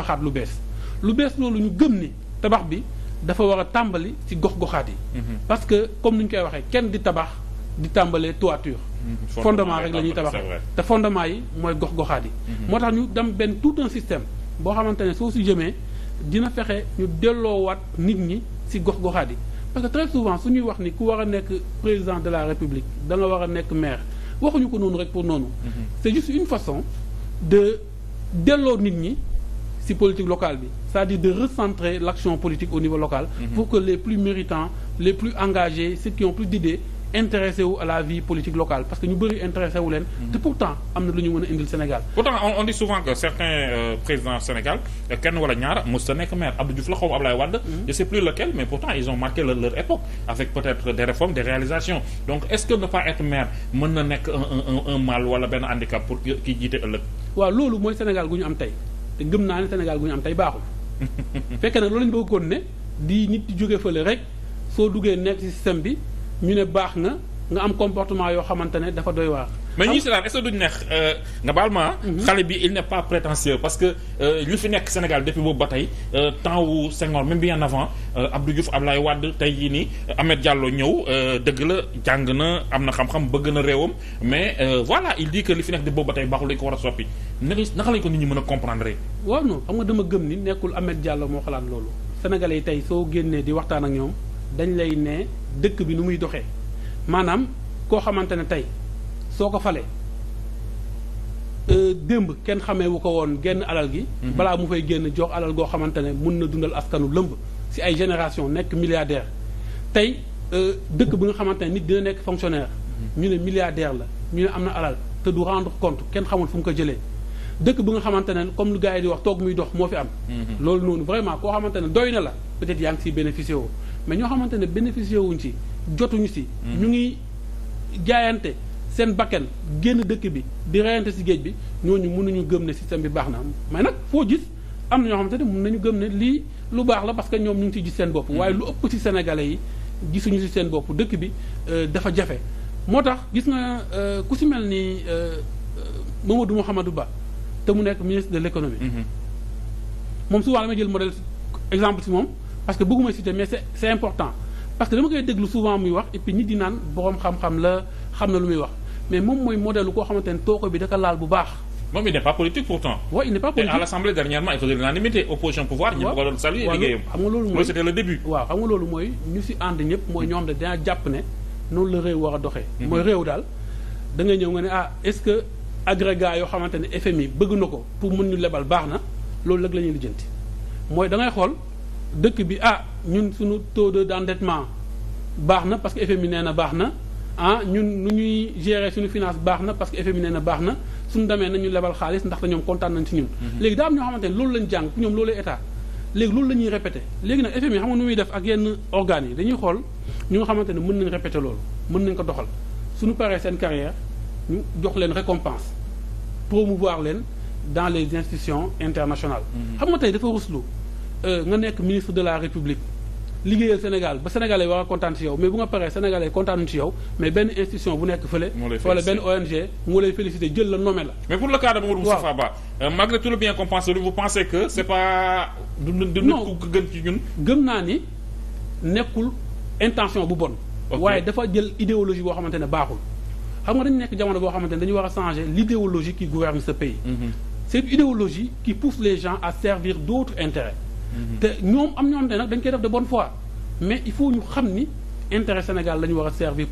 tabaxaat lu bees lu bees loolu ñu gëm ni tabax bi dafa war a tàmbali ci gox-goxaat yi. Mhm. parce que comme ni ñu koy waxee kenn di tabax di tàmbalee toiture. Mhm. fondement rek ñuy tabaxee te yi mooy gox-goxaat mhm. moo tax ñu dem benn tout un système boo xamante ne soo si jëmee dina fexe ñu delloowaat nit ñi si gox-goxaat yi parce que très souvent su ñuy wax ni ku war a nekk président de la république da war a nekk maire waxuñu ko noonu rek pour noonu. c'est juste une façon de delloo nit ñi. ci politique locale bi c'est-à-dire de recentrer l'action politique au niveau local mhm. pour que les plus méritants les plus engagés ceux qui ont plus d'idées intéressé wu à la vie politique locale parce que ñu bëri intéressé wu leen. Mhm. te pourtant am na lu ñu mën a indil Sénégal. pourtant on dit souvent que certains euh, présidents Sénégal euh, kenn wala ñaar mos a nekk maire Abdou Diouf la xaw Ablaye Wade. Mhm. je sais plus lequel mais pourtant ils ont marqué leur époque avec te gëm naa ne Sénégal gu ñu am tey baaxul fekk nag loolu lañu bëgg koon ne di nit di jóge fële rek soo duggee nekk ci système bi ñu ne baax nga nga am comportement yoo xamante ne dafa doy waar ma ñuy seetaan est-ce que duñ neex euh, nga baal ma ah. mhm. xale bi il n'est pas prétentieux parce que euh, li fi nekk Sénégal depuis boobu ba tey euh, temps wu Senghor même bien avant Abdou am Abdoulaye Wade tey jii nii Ahmed jàlloo ñëw dëgg la jàng na am na xam-xam bëgg na réewam mais voilà il di que li fi nekk di boobu ba tey baaxul lañ ko war a soppi naka naka lañ ko nit ñi mën a comprendre waaw non xam nga dama gëm ni nekkul Ahmed Diallo moo xalaat loolu Sénégalais yi tey soo génnee di waxtaan ak ñoom dañ lay ne dëkk bi nu muy doxee maanaam koo xamante ne tey soo ko falee euh, démb kenn xamee wu ko woon genn alal gi. Mhm. balaa mu fay génn jox alal goo xamante ne mun na dundal askanu lëmb si ay génération nekk milliardaire tey euh, dëkk bi nga xamante ne nit dina nekk fonctionnaire. Mhm. ñu ne milliardaire la ñu ne am na alal te du rendre compte kenn xamul fu mu ko jëlee dëkk bi nga xamante ne comme lu gars yi di wax toog muy dox moo fi am. Mhm. loolu noonu vraiment koo xamante ne doy na la peut-être yaa ngi siy bénéficié woo mais ñoo xamante ne bénéficié wuñ ci jotuñu si. ñu ngi jaayante. seen bakken génn dëkk bi di reyante si géej bi ñooñu mun mënuñu gëm ne système bi baax na mais nag foo gis am na ñoo xamante ne mën nañu gëm ne lii lu baax la parce que ñoom ñu ngi ci gis seen bopp. Mm-hmm. waaye lu ëpp ci sénégalais yi gisuñu si seen bopp dëkk bi euh, dafa jafe. moo tax gis nga euh, ku ci mel ni euh, Mamadou Mouhamadou Ba te mu nekk ministre de l'économie. Mm-hmm. moom souvent damay jël modèle exemple ci moom parce que bëgguma citer mais c'est c'est important parce que dama koy déglu souvent muy wax et puis di naan boroom xam la xam na lu muy wax. mais moom mooy modèle koo xamante ne tooko bi da ko laal bu baax. moom il n'est pas politique pourtant. waaw il n'est pas politique te à l'Assemblée dernièrement il faisait l'unanimité opposition pouvoir. ñëpp ko doon saluer liggéeyam. xam nga loolu mooy c'était le début. waaw xam loolu mooy ne ne noonu la réew war a doxee. Mhm. mooy réew ñëw nga ne ah est-ce que agrégat yoo xamante ne bëgg na ko pour mën ñu lebal baax na loolu nag la ñuy lijjanti mooy da ngay xool dëkk bi ah ñun suñu taux d'endettement baax na parce que FMI nee na baax na. ah ñun nu ñuy gérer suñu finance baax na parce que FMI nee na baax na suñu demee nañu lebal xaalis ndax ñoom kontaan nañ ci ñun. Mhm. léegi daa am ñoo xamante ne loolu lañ jàng ñoom loolu état léegi loolu la ñuy répété léegi nag FMI xam nga nu muy def ak yenn organes yi dañuy xool ñu nga xamante ne mën nañ répété loolu mën nañ ko doxal suñu paree seen carrière ñu jox leen récompense promouvoir leen dans les institutions internationales. Mhm. xam nga tey dafa ruslu euh, nga nekk ministre de la république. liggéeyal Sénégal ba sénégalais war a kontaan si yow mais bu nga paree sénégalais kontaan si yow mais benn institution bu nekk fële. wala benn ONG moo lay félicité jël la nommé la. mais pour le cas de Mamadou Moustapha Ba. Euh, malgré tout le bien qu'on pense vous pensez c'est pas. du du nit gën ci ñun. gëm naa ni nekkul intention bu bon. waaye dafa jël idéologie boo xamante ne baaxul. xam nga dañu nekk jamono boo xamante ne dañu war a changer l'idéologie qui gouverne ce pays. Mm-hmm. c'est une idéologie qui pousse à servir d'autres intérêts. te ñoom am ñoo xam ne nag dañ koy def de bonne foi mais il faut ñu xam ni intérêt Sénégal la war a servir